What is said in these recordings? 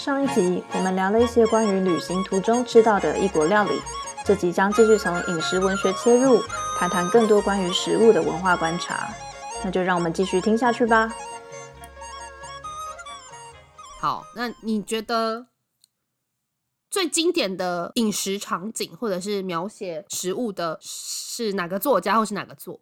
上一集我們聊了一些關於旅行途中吃到的異國料理，這集將繼續從飲食文學切入，談談更多關於食物的文化觀察。那就讓我們繼續聽下去吧。好，那你覺得最經典的飲食場景或者是描寫食物的是哪個作家或是哪個作？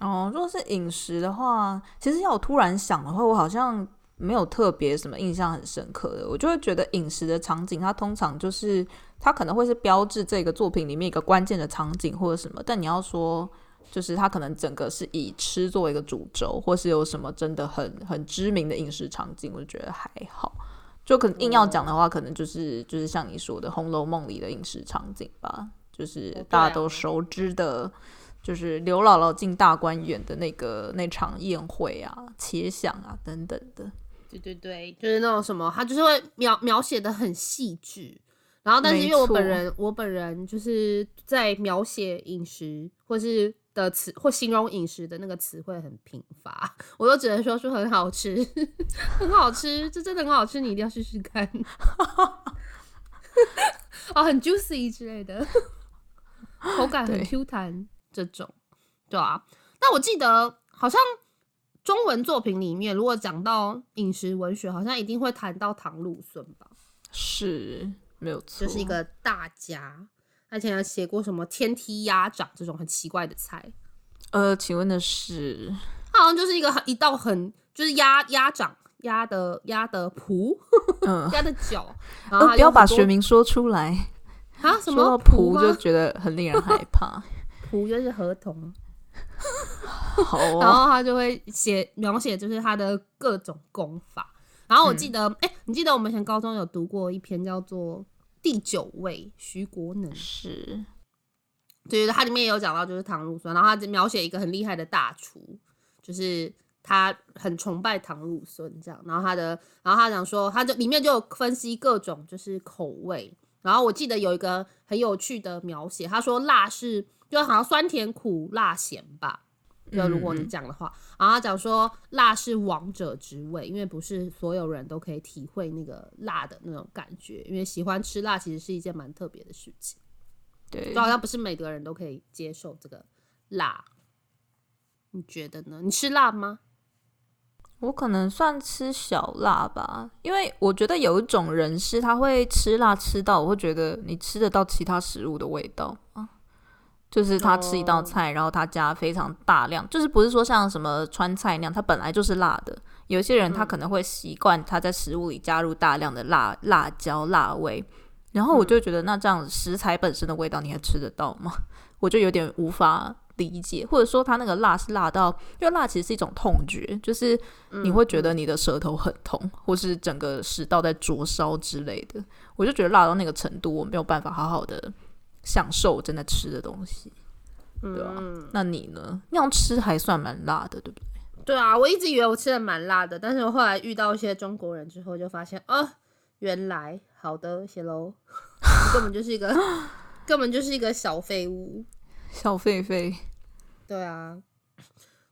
哦，若是飲食的話，其實要我突然想的話，我好像。沒有特別什麼印象很深刻的，我就會覺得飲食的場景，它通常就是它可能會是標志這個作品裡面一個關鍵的場景或者什麼。但你要說就是它可能整個是以吃作為一個主軸，或是有什麼真的很很知名的飲食場景，我就覺得還好。就可能硬要講的話，嗯、可能就是就是像你說的《紅樓夢》裡的飲食場景吧，就是大家都熟知的，啊、就是劉姥姥進大觀園的那個那場宴會啊、茄鯗啊等等的。對對對，就是那種什麼，他就是會描描寫的很細緻，然後但是因為我本人錯我本人就是在描寫飲食或是的詞或形容飲食的那個詞彙很貧乏，我都只能說說很好吃呵呵，很好吃，這真的很好吃，你一定要試試看， 哦，很 juicy 之類的，口感很 Q 彈對這種，對吧，啊？那我記得好像。中文作品裡面，如果講到飲食文學，好像一定會談到唐魯孫吧？是沒有錯，就是一個大家，而且還寫過什麼天梯鴨掌這種很奇怪的菜。呃，請問的是，他好像就是一個一道很就是鴨鴨掌鴨的鴨的蹼，鴨、嗯、的腳、呃。不要把學名說出來啊！什麼蹼就覺得很令人害怕。蹼 就是河童。 哦、 然後他就會寫描寫，就是他的各種功法。然後我記得，哎、嗯、欸，你記得我們以前高中有讀過一篇叫做《第九味》，徐國能是，對，他裡面也有講到，就是唐魯孫。然後他就描寫一個很厲害的大廚，就是他很崇拜唐魯孫這樣。然後他的，然後他講說，他就裡面就有分析各種就是口味。然後我記得有一個很有趣的描寫，他說，辣是就好像酸甜苦辣鹹吧。就如果你講的話，然後講說辣是王者之味，因為不是所有人都可以體會那個辣的那種感覺，因為喜歡吃辣其實是一件蠻特別的事情，對，就好像不是每個人都可以接受這個辣，你覺得呢？你吃辣嗎？我可能算吃小辣吧，因為我覺得有一種人是他會吃辣吃到，我會覺得你吃得到其他食物的味道啊。就是他吃一道菜，Oh. 然後他加非常大量，就是不是說像什麼川菜那樣，它本來就是辣的。有些人他可能會習慣他在食物裡加入大量的辣辣椒、辣味，然後我就覺得那這樣食材本身的味道你還吃得到嗎？我就有點無法理解，或者說他那個辣是辣到，因為辣其實是一種痛覺，就是你會覺得你的舌頭很痛，或是整個食道在灼燒之類的。我就覺得辣到那個程度，我沒有辦法好好的。享受正在吃的東西，對吧、啊？嗯、那你呢？你要吃還算蠻辣的，對不對？對啊，我一直以為我吃的蠻辣的，但是我後來遇到一些中國人之後，就發現哦、呃，原來好的謝嘍， 根本就是一個根本就是一個小廢物，小廢廢。對啊，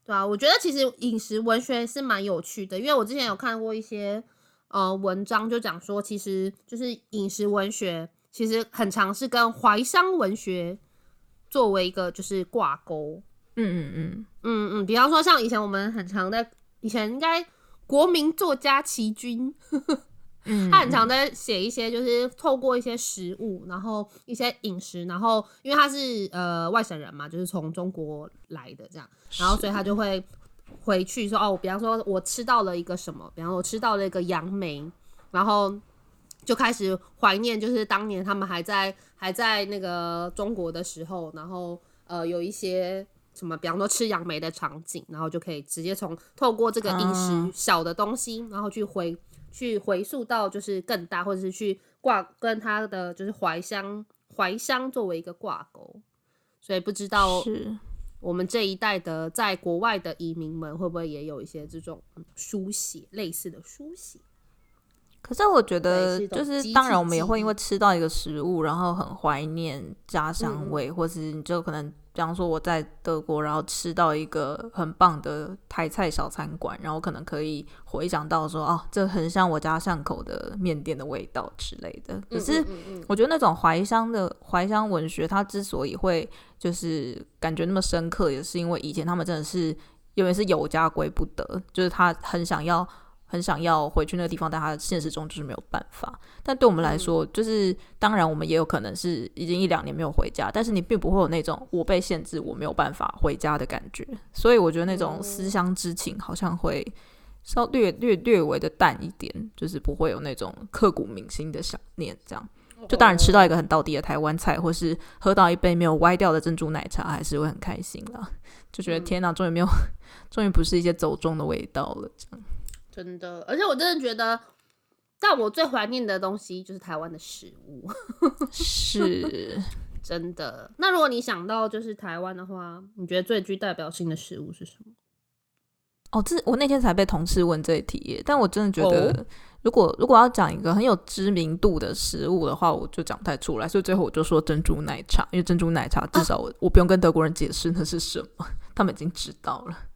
對啊，我覺得其實飲食文學是蠻有趣的，因為我之前有看過一些呃文章，就講說其實就是飲食文學。其實很常是跟懷鄉文學作為一個就是掛鈎，嗯嗯嗯嗯嗯，比方說像以前我們很常在以前應該國民作家琦君 嗯嗯嗯，他很常在寫一些就是透過一些食物，然後一些飲食，然後因為他是呃外省人嘛，就是從中國來的這樣，然後所以他就會回去說是哦，比方說我吃到了一個什麼，比方說我吃到了一個楊梅，然後。就開始懷念，就是當年他們還在還在那個中國的時候，然後呃有一些什麼，比方說吃楊梅的場景，然後就可以直接從透過這個飲食小的東西，啊、然後去回去回溯到就是更大，或者是去掛跟他的就是懷鄉懷鄉作為一個掛鈎。所以不知道我們這一代的在國外的移民們會不會也有一些這種書寫類似的書寫。可是我覺得，就是當然，我們也會因為吃到一個食物，然後很懷念家鄉味，嗯嗯，或是你就可能，比方說我在德國，然後吃到一個很棒的台菜小餐館，然後可能可以回想到說，哦、啊，這很像我家巷口的麵店的味道之類的。可是我覺得那種懷鄉的懷鄉文學，它之所以會就是感覺那麼深刻，也是因為以前他們真的是因為是有家歸不得，就是他很想要。很想要回去那個地方，但他現實中就是沒有辦法。但對我們來說，就是當然我們也有可能是已經一兩年沒有回家，但是你並不會有那種我被限制，我沒有辦法回家的感覺。所以我覺得那種思鄉之情好像會稍略略略略微的淡一點，就是不會有那種刻骨銘心的想念。這樣就當然吃到一個很道地的台灣菜，或是喝到一杯沒有歪掉的珍珠奶茶，還是會很開心啦、啊。就覺得天哪、啊，終於沒有，終於不是一些走中的味道了，這樣。真的，而且我真的覺得，但我最懷念的東西就是台灣的食物， 是 真的。那如果你想到就是台灣的話，你覺得最具代表性的食物是什麼？哦，這我那天才被同事問這一題，但我真的覺得，哦、如果如果要講一個很有知名度的食物的話，我就講不太出來，所以最後我就說珍珠奶茶，因為珍珠奶茶至少我、啊、我不用跟德國人解釋那是什麼，他們已經知道了。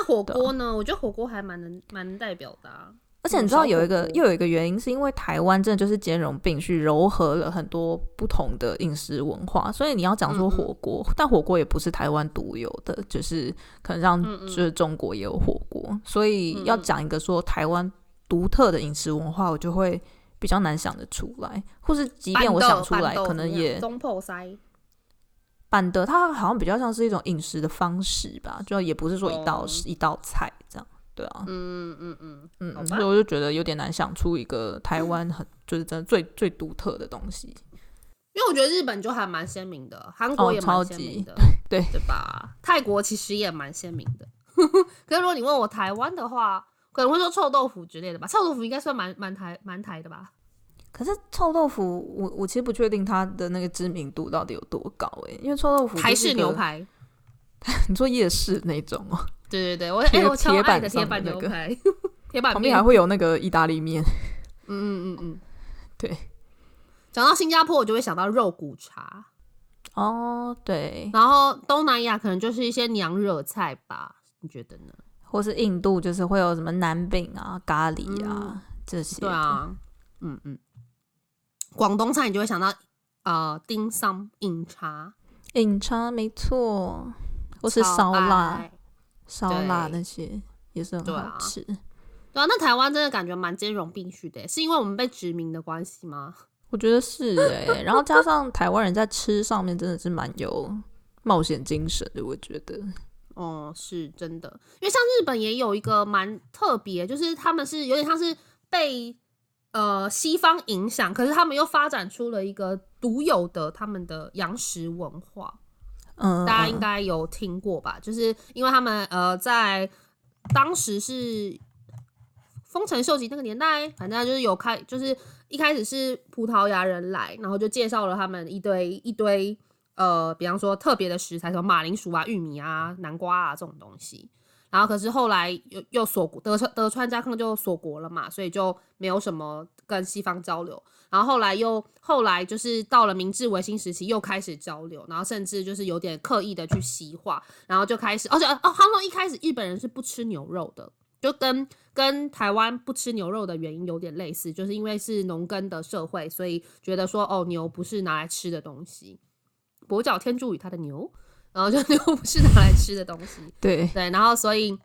那火鍋呢？對我覺得火鍋還蠻能蠻能代表的、啊，而且你知道有一個鍋又有一個原因，是因為台灣真的就是兼容並蓄，糅合了很多不同的飲食文化。所以你要講說火鍋，嗯嗯但火鍋也不是台灣獨有的，就是可能像就是中國也有火鍋。嗯嗯所以要講一個說台灣獨特的飲食文化，我就會比較難想得出來，或是即便我想出來，豆豆可能也板的，它好像比較像是一種飲食的方式吧，就也不是說一道、哦、一道菜這樣，對啊。嗯嗯嗯嗯嗯，所以我就覺得有點難想出一個台灣很、嗯、就是真的最最獨特的東西，因為我覺得日本就還蠻鮮明的，韓國也蠻鮮明的，對對、哦、超級、對吧？ 對，泰國其實也蠻鮮明的， 可是如果你問我台灣的話，可能會說臭豆腐之類的吧，臭豆腐應該算蠻蠻台蠻台的吧。可是臭豆腐，我我其實不確定它的那個知名度到底有多高哎、欸，因為臭豆腐還是牛排？ 你說夜市那種哦？對對對，我有鐵板鐵、那個、板牛排，鐵板 旁邊還會有那個意大利麵、嗯。嗯嗯嗯嗯，對。講到新加坡，我就會想到肉骨茶。哦，對。然後東南亞可能就是一些娘惹菜吧？你覺得呢？或是印度就是會有什麼南餅啊、咖喱啊、嗯、這些？對啊，嗯嗯。嗯廣東菜你就會想到啊、呃，丁山飲茶，飲茶沒錯，或是燒臘，燒臘白那些對也是很好吃。對啊，對啊，那台灣真的感覺蠻兼容並蓄的，是因為我們被殖民的關係嗎？我覺得是哎，然後加上台灣人在吃上面真的是蠻有冒險精神的，我覺得。哦、 嗯，是真的，因為像日本也有一個蠻特別，就是他們是有點像是被。呃，西方影響，可是他們又發展出了一個獨有的他們的洋食文化，嗯、嗯、嗯，大家應該有聽過吧？就是因為他們呃，在當時是豐臣秀吉那個年代，反正就是有開，就是一開始是葡萄牙人來，然後就介紹了他們一堆一堆呃，比方說特別的食材，什麼馬鈴薯啊、玉米啊、南瓜啊這種東西。然後，可是後來又又鎖國，德川德川家康就鎖國了嘛，所以就沒有什麼跟西方交流。然後後來又後來就是到了明治維新時期，又開始交流，然後甚至就是有點刻意的去西化，然後就開始，而、哦、且哦，他說一開始日本人是不吃牛肉的，就跟跟台灣不吃牛肉的原因有點類似，就是因為是農耕的社會，所以覺得說哦牛不是拿來吃的東西。跛腳天助與他的牛。然後就又不是拿來吃的東西，對對，然後所以，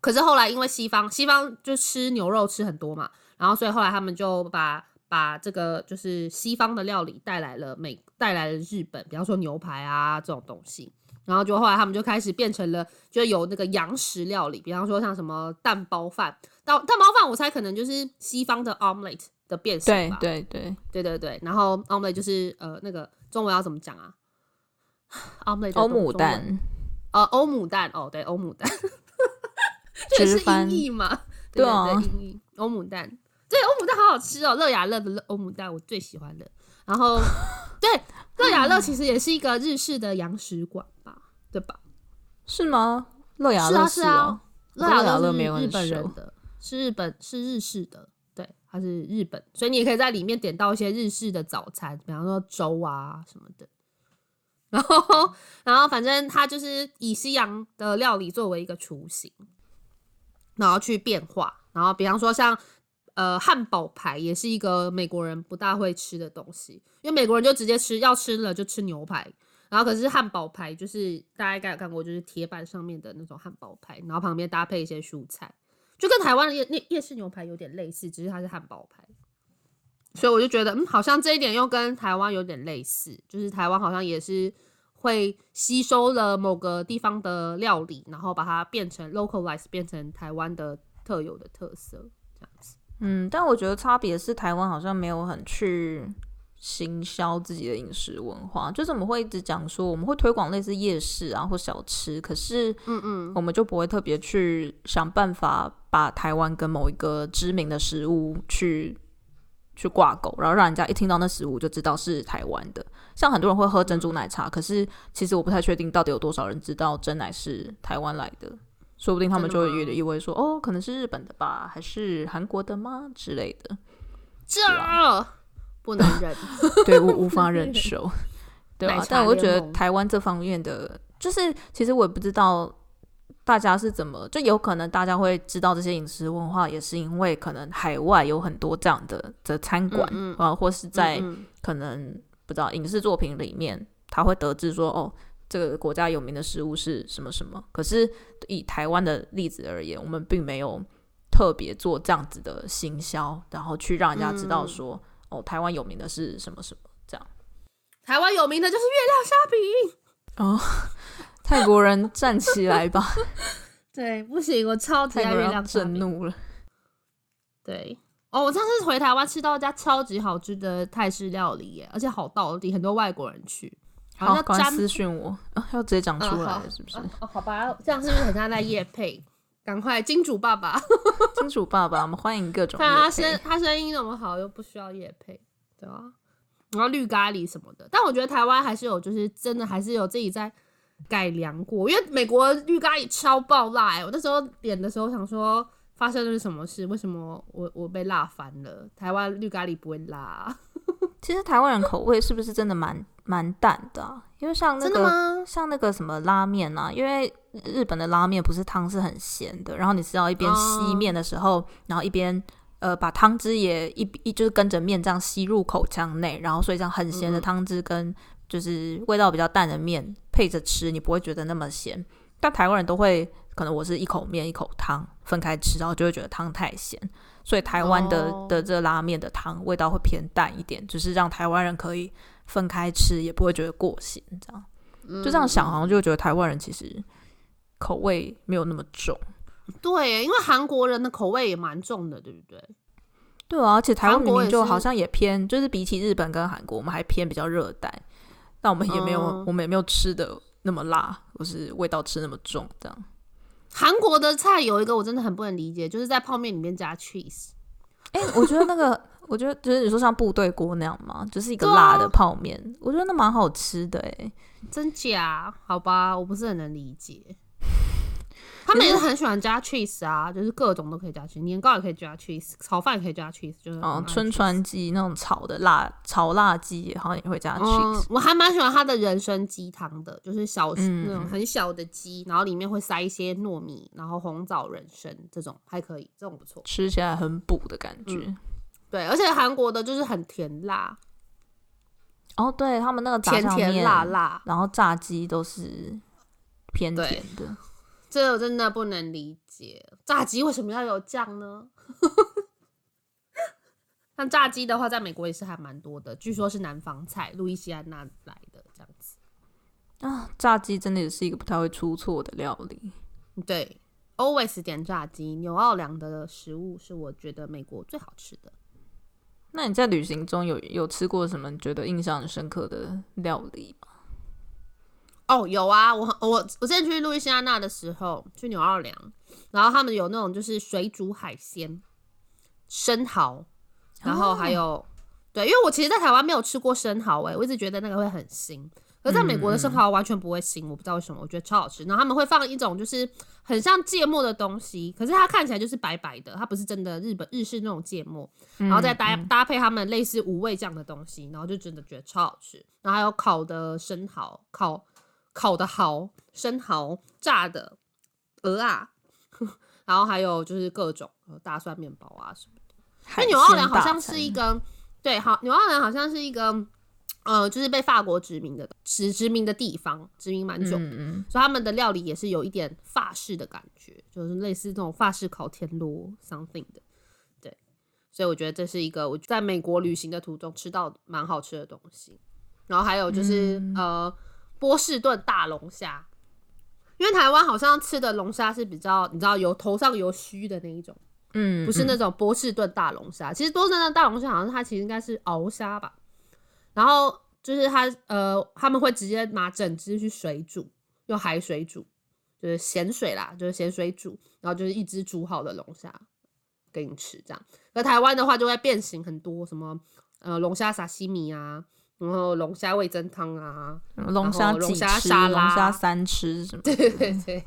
可是後來因為西方西方就吃牛肉吃很多嘛，然後所以後來他們就把把這個就是西方的料理帶來了美帶來了日本，比方說牛排啊這種東西，然後就後來他們就開始變成了就有那個洋食料理，比方說像什麼蛋包飯，蛋蛋包飯我猜可能就是西方的 omelette 的變色，對對對對對對，然後 omelette 就是呃那個中文要怎麼講啊？歐姆蛋，哦，歐姆蛋，哦，對，歐姆蛋，這 是音譯嘛？翻對對，音譯，歐姆蛋，對，歐姆蛋好好吃哦。樂雅樂的歐姆蛋我最喜歡的。然後， 對，樂雅樂其實也是一個日式的洋食館吧？ 對吧？是嗎？樂雅樂、哦啊。是啊，樂雅樂沒有日本人的，是日本，是日本，是日式的，對，它是日本，所以你也可以在裡面點到一些日式的早餐，比方說粥啊什麼的。然後，然後反正他就是以西洋的料理作為一個雛形，然後去變化。然後比方說像呃漢堡排，也是一個美國人不大會吃的東西，因為美國人就直接吃，要吃了就吃牛排。然後可是漢堡排就是大家應該有看過，就是鐵板上面的那種漢堡排，然後旁邊搭配一些蔬菜，就跟台灣的夜夜夜市牛排有點類似，只是它是漢堡排。所以我就覺得，嗯，好像這一點又跟台灣有點類似，就是台灣好像也是會吸收了某個地方的料理，然後把它變成 localize，變成台灣的特有的特色這樣子。嗯，但我覺得差別是台灣好像沒有很去行銷自己的飲食文化，就是我們會一直講說我們會推廣類似夜市啊或小吃，可是嗯嗯，我們就不會特別去想辦法把台灣跟某一個知名的食物去。去掛鈎，然後讓人家一聽到那食物就知道是台灣的。像很多人會喝珍珠奶茶，嗯、可是其實我不太確定到底有多少人知道珍奶是台灣來的。說不定他們就會以為說，哦，可能是日本的吧，還是韓國的嗎之類的。這、啊、不能忍， 對，我無法忍受。 對、啊、但我覺得台灣這方面的，就是其實我也不知道。大家是怎麼？就有可能大家會知道這些飲食文化，也是因為可能海外有很多這樣的的餐館、嗯嗯、啊，或是在可能嗯嗯不知道影視作品裡面，他會得知說哦，這個國家有名的食物是什麼什麼。可是以台灣的例子而言，我們並沒有特別做這樣子的行銷，然後去讓人家知道說嗯嗯哦，台灣有名的是什麼什麼這樣。台灣有名的就是月亮蝦餅哦。 泰國人站起來吧！ 對，不行，我超級愛月亮，震怒了。對，哦，我上次回台灣吃到一家超級好吃的泰式料理耶，而且好道地，很多外國人去。好，趕快私訊我啊、哦，要直接講出來、哦、是不是？哦哦、好吧，這樣是不是很像在業配？趕 快金主爸爸， 金主爸爸，我們歡迎各種。然，他聲，他聲音那麼好，又不需要業配，對啊。然後綠咖喱什麼的，但我覺得台灣還是有，就是真的還是有自己在。改良過，因為美國綠咖喱超爆辣，欸，我那時候點的時候想說發生了什麼事，為什麼我我被辣翻了？台灣綠咖喱不會辣，其實台灣人口味是不是真的蠻蠻 淡的、啊？因為像那個，真的嗎，像那個什麼拉面啊，因為日本的拉面不是湯是很鹹的，然後你知道一邊吸面的時候，嗯、然後一邊呃把湯汁也一一就是跟着面這樣吸入口腔內，然後所以這樣很鹹的湯汁跟。嗯嗯就是味道比較淡的麵配着吃，你不會覺得那麼鹹。但台灣人都會，可能我是一口麵一口湯分開吃，然後就會覺得湯太鹹。所以台灣的、oh. 的這拉麵的湯味道會偏淡一點，就是讓台灣人可以分開吃，也不會覺得過鹹。這樣、嗯、就這樣想，好像就會覺得台灣人其實口味沒有那麼重。對，因為韓國人的口味也蠻重的，對不對？對啊，而且台灣裡面就好像也偏，也是就是比起日本跟韓國，我們還偏比較熱帶。那我們也沒有，嗯、我們也沒有吃的那麼辣，或是味道吃那麼重。這樣，韓國的菜有一個我真的很不能理解，就是在泡麵裡面加 cheese。哎、欸，我覺得那個，我覺得就是你說像部隊鍋那樣嘛，就是一個辣的泡麵，啊、我覺得那蠻好吃的。哎，真假？好吧，我不是很能理解。他們也是很喜歡加 cheese 啊，是就是各種都可以加 cheese，年糕也可以加 cheese，炒飯也可以加 cheese，就是。嗯、哦，春川雞那種炒的辣炒辣雞好像也會加 cheese、嗯。我還蠻喜歡它的人參雞湯的，就是小、嗯、那種很小的雞，然後裡面會塞一些糯米，然後紅棗、人參這種還可以，這種不錯，吃起來很補的感覺、嗯。對，而且韓國的就是很甜辣。哦，對，他們那個甜甜辣辣，然後炸雞都是偏甜的。這個真的不能理解，炸雞為什麼要有醬呢？那 炸雞的話，在美國也是還蠻多的，據說是南方菜，路易斯安娜來的這樣子。啊，炸雞真的也是一個不太會出錯的料理。對，always 點炸雞。紐奧良的食物是我覺得美國最好吃的。那你在旅行中有有吃過什麼覺得印象很深刻的料理嗎？哦，有啊，我我我之前去路易斯安那的時候，去紐奧良，然後他們有那種就是水煮海鮮，生蠔，然後還有，哦、對，因為我其實，在台灣沒有吃過生蠔，哎，我一直覺得那個會很腥，可是在美國的生蠔完全不會腥，我不知道為什麼，我覺得超好吃。然後他們會放一種就是很像芥末的東西，可是它看起來就是白白的，它不是真的日本日式那種芥末，然後再搭嗯嗯搭配他們類似五味醬的東西，然後就真的覺得超好吃。然後還有烤的生蠔，烤。烤的蠔、生蠔、炸的鵝啊， 然後還有就是各種、呃、大蒜麵包啊什麼的。那紐奧良好像是一個對，好紐奧良好像是一個呃，就是被法國殖民的殖殖民的地方，殖民蠻久，嗯、所以他們的料理也是有一點法式的感覺，就是類似那種法式烤田螺 something 的。對，所以我覺得這是一個我在美國旅行的途中吃到蠻好吃的東西。然後還有就是、嗯、呃。波士頓大龍蝦，因為台灣好像吃的龍蝦是比較，你知道有頭上有鬚的那一種，嗯，不是那種波士頓大龍蝦。嗯，其實波士頓的大龍蝦好像它其實應該是螯蝦吧，然後就是它呃他們會直接拿整隻去水煮，用海水煮，就是鹹水啦，就是鹹水煮，然後就是一隻煮好的龍蝦給你吃這樣。而台灣的話就會變形很多，什麼呃龍蝦沙西米啊。然後龍蝦味噌湯啊，龍蝦、龍蝦沙，沙拉龍蝦三吃什麼？對對對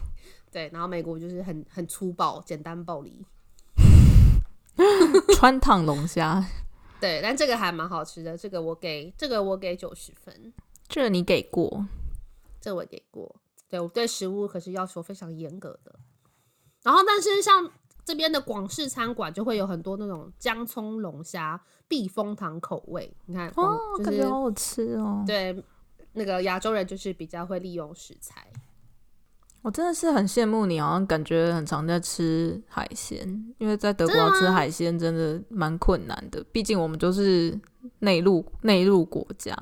對，然後美國就是很很粗暴、簡單、暴力， 川燙龍蝦。對，但這個還蠻好吃的，這個我給這個我給九十分。這個你給過？這我給過。對我對食物可是要求非常嚴格的。然後，但是像。這邊的廣式餐館就會有很多那種薑蔥龍蝦避風塘口味，你看，哦，就是、感覺好好吃哦。對，那個亞洲人就是比較會利用食材。我真的是很羨慕你，好像感覺很常在吃海鮮，因為在德國要吃海鮮真的蠻困難的，的畢竟我們就是內陸內陸國家，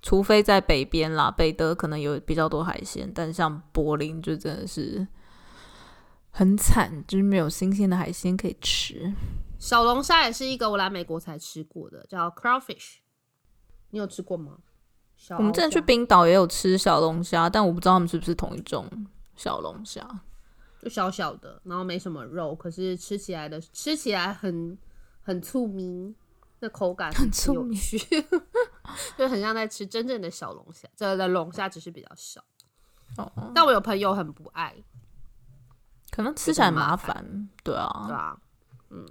除非在北邊啦，北德可能有比較多海鮮，但像柏林就真的是。很慘，就是沒有新鮮的海鮮可以吃。小龍蝦也是一個我來美國才吃過的，叫 crawfish。你有吃過嗎？小龍蝦。我們之前去冰島也有吃小龍蝦，但我不知道他們是不是同一種小龍蝦，就小小的，然後沒什麼肉，可是吃起來的吃起來很很粗明，那口感很有趣，很醋 就很像在吃真正的小龍蝦，真的龍蝦只是比較小。哦，但我有朋友很不愛。可能吃起來很麻煩，麻對啊，對啊，嗯，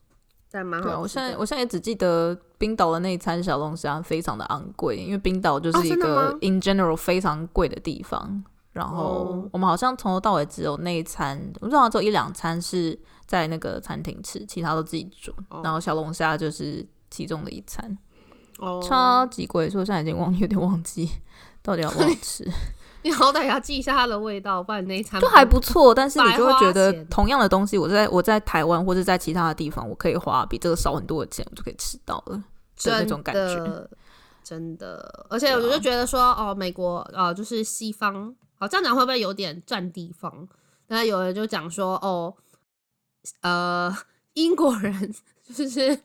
對啊、我現在我現在也只記得冰島的那一餐小龍蝦非常的昂貴，因為冰島就是一個 in general 非常貴的地方。哦、然後我們好像從頭到尾只有那一餐，哦、我們好像只有一兩餐是在那個餐廳吃，其他都自己煮。哦、然後小龍蝦就是其中的一餐，哦，超級貴。所以我現在已經忘，有點忘記到底要不要吃。 你好歹要記一下它的味道，不然那一餐就還不錯。但是你就會覺得，同樣的東西我，我在我在台灣或者在其他的地方，我可以花比這個少很多的錢，我就可以吃到了，那的種感覺。真的，而且我就覺得說，啊、哦，美國，啊、呃，就是西方，好這樣講會不會有點占地方？那有人就講說，哦，呃，英國人就是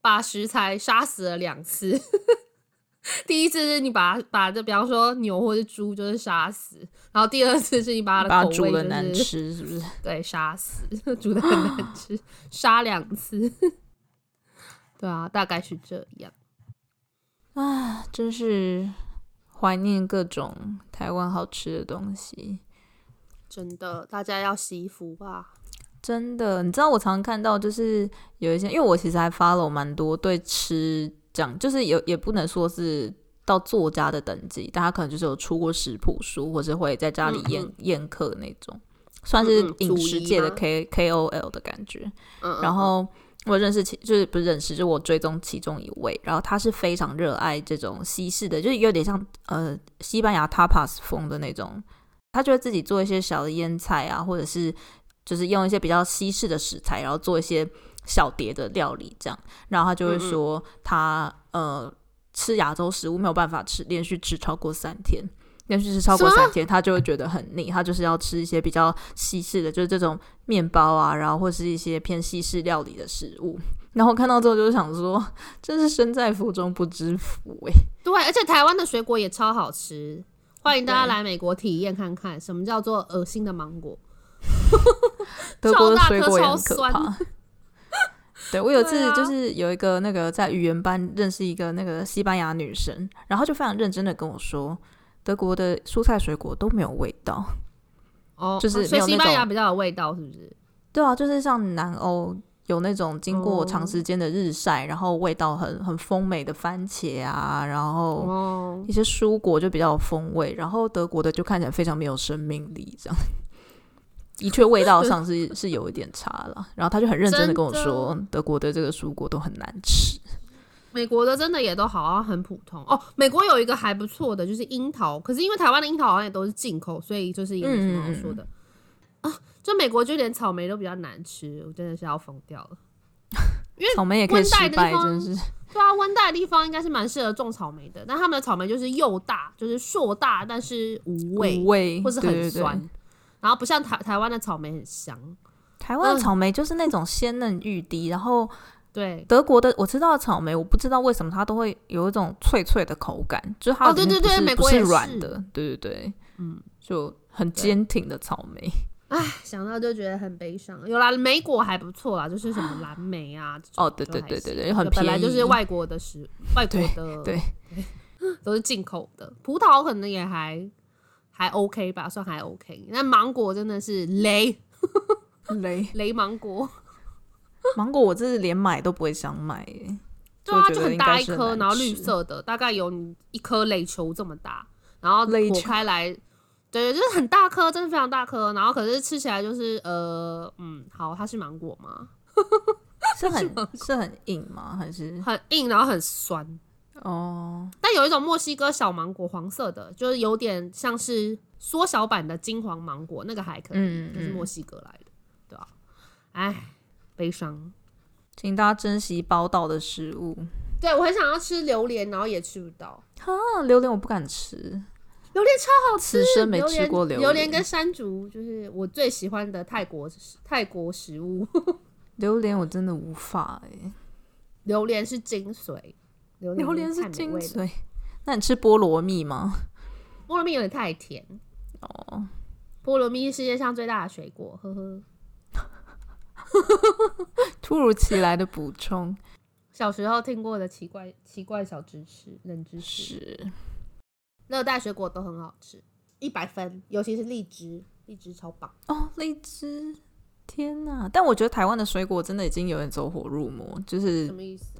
把食材殺死了兩次。 第一次是你把把就比方說牛或者豬，就是殺死，然後第二次是你把它的口味、就是，煮得難吃，是不是？對，殺死，煮得很難吃，殺兩 兩次。 對啊，大概是這樣。啊，真是懷念各種台灣好吃的東西。真的，大家要惜福吧。真的，你知道我常看到就是有一些，因為我其實還發了蠻多對吃。這樣就是也也不能說是到作家的等級，但他可能就是有出過食譜書，或者會在家裡宴宴、嗯、客那種，嗯、算是飲食界的 K K O L 的感覺。嗯、然後我認識其就是不認識，就我追蹤其中一位，然後他是非常熱愛這種西式的，就是有點像呃西班牙 tapas 風的那種，他就會自己做一些小的醃菜啊，或者是就是用一些比較西式的食材，然後做一些小碟的料理這樣，然後他就會說他嗯嗯呃吃亞洲食物沒有辦法吃，連續吃超過三天，連續吃超過三天麼他就會覺得很膩，他就是要吃一些比較西式的就是這種麵包啊，然後或是一些偏西式料理的食物。然後看到之後就是想說，真是身在福中不知福哎、欸。對，而且台灣的水果也超好吃，歡迎大家來美國體驗看看對什麼叫做噁心的芒果，德國的水果也很可怕。超大顆超酸。對，我有一次就是有一個那個在語言班認識一個那個西班牙女生，然後就非常認真的跟我說，德國的蔬菜水果都沒有味道，哦，就是沒有那種西班牙比較有味道，是不是？對啊，就是像南歐有那種經過長時間的日曬，哦，然後味道很很豐美的番茄啊，然後一些蔬果就比較有風味，然後德國的就看起來非常沒有生命力這樣。的確，味道上是 是有一點差了。然後他就很認真的跟我說，的德國的這個蔬果都很難吃，美國的真的也都好啊，很普通。哦，美國有一個還不錯的，就是櫻桃。可是因為台灣的櫻桃好像也都是進口，所以就是也沒什麼好說的、嗯、啊。就美國就連草莓都比較難吃，我真的是要瘋掉了。因為草莓也可以失敗，的真的是。對啊，溫帶地方應該是蠻適合種草莓的，但他們的草莓就是又大，就是碩大，但是無味，無味，或是很酸。對對對然後不像台台灣的草莓很香，台灣的草莓就是那種鮮嫩欲滴。然後對德國的我知道草莓，我不知道為什麼它都會有一種脆脆的口感，就它是哦對對對，玫瑰是軟的，對對對，嗯，就很堅挺的草莓。唉，想到就覺得很悲傷。有啦，莓果還不錯啦，就是什麼藍莓啊，哦對對對對對，很便宜，本來就是外國的食，外國的對，都是進口的。葡萄可能也還。還 OK 吧，算還 OK。但芒果真的是雷， 雷雷芒果， 芒果我真是連買都不會想買耶。對啊，就，就很大一顆，然後綠色的，大概有一顆壘球這麼大，然後切開來，球對，就是很大顆，真的非常大顆。然後可是吃起來就是，呃，嗯，好，它是芒果嗎？ 是很是，是很硬嗎？還是很硬，然後很酸。哦，oh. 但有一種墨西哥小芒果，黃色的，就是有點像是縮小版的金黃芒果，那個還可以，就、嗯嗯、是墨西哥來的，對吧、啊？哎，悲傷，請大家珍惜寶島的食物。對，我很想要吃榴蓮，然後也吃不到。啊、榴蓮我不敢吃，榴蓮超好吃，此生沒吃過榴榴蓮跟山竹，就是我最喜歡的泰國泰國食物。 榴蓮我真的無法、欸、榴蓮是精髓。榴蓮是精髓，那你吃菠蘿蜜嗎？菠蘿蜜有點太甜哦。Oh. 菠蘿蜜是世界上最大的水果，呵呵。 突如其來的補充， 小時候聽過的奇怪奇怪小知識、冷知識。熱帶是水果都很好吃，一百分，尤其是荔枝，荔枝超棒哦。Oh, 荔枝，天哪！但我覺得台灣的水果真的已經有點走火入魔，就是什麼意思？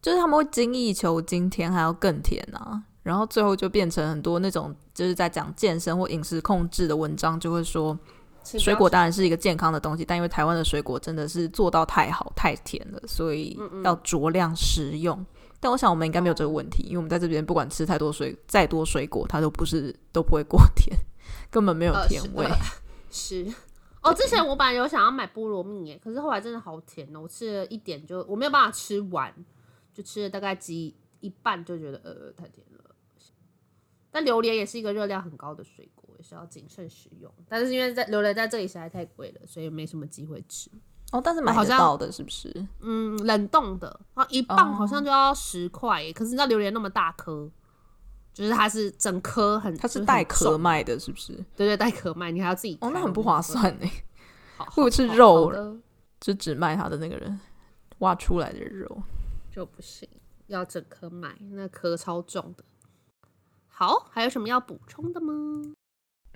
就是他們會精益求精，甜還要更甜啊。然後最後就變成很多那種就是在講健身或飲食控制的文章，就會說水果當然是一個健康的東西，但因為台灣的水果真的是做到太好、太甜了，所以要酌量食用。嗯嗯但我想我們應該沒有這個問題，哦、因為我們在這邊不管吃太多水、再多水果，它都不是都不會過甜，根本沒有甜味。呃、是哦，之前我本來有想要買菠蘿蜜耶，可是後來真的好甜哦，我吃了一點就我沒有辦法吃完。就吃了大概幾一半，就覺得呃太甜了，但榴蓮也是一個熱量很高的水果，也是要謹慎食用。但是因為在榴蓮在這裡實在太貴了，所以沒什麼機會吃哦。但是買得到的是不是？啊、嗯，冷凍的，啊一磅好像就要十塊。哦、可是你知道榴蓮那麼大顆，就是它是整顆很，它是帶殼賣的，就是不是？對對，帶殼賣，你還要自己哦，那很不划算呢。 會不會是肉？好好就只賣它的那個人挖出來的肉？就不行，要整顆買，那顆超重的。好，還有什麼要補充的嗎？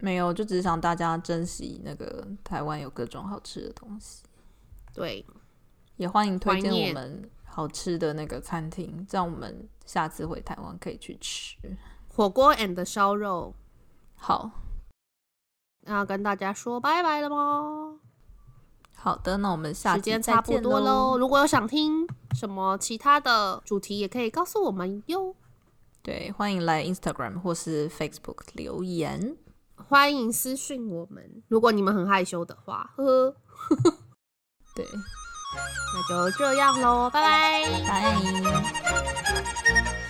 沒有，就只是想大家珍惜那個台灣有各種好吃的東西。對，也歡迎推薦我們好吃的那個餐廳，懷念。這樣我們下次回台灣可以去吃火鍋 and 燒肉。好，那跟大家說拜拜了嗎？好的，那我們下集再見嘍。時間差不多嘍。如果有想聽什麼其他的主題，也可以告訴我們喲。對，歡迎來 Instagram 或是 Facebook 留言，歡迎私信我們。如果你們很害羞的話，呵呵， 對，那就這樣嘍，拜拜，拜拜。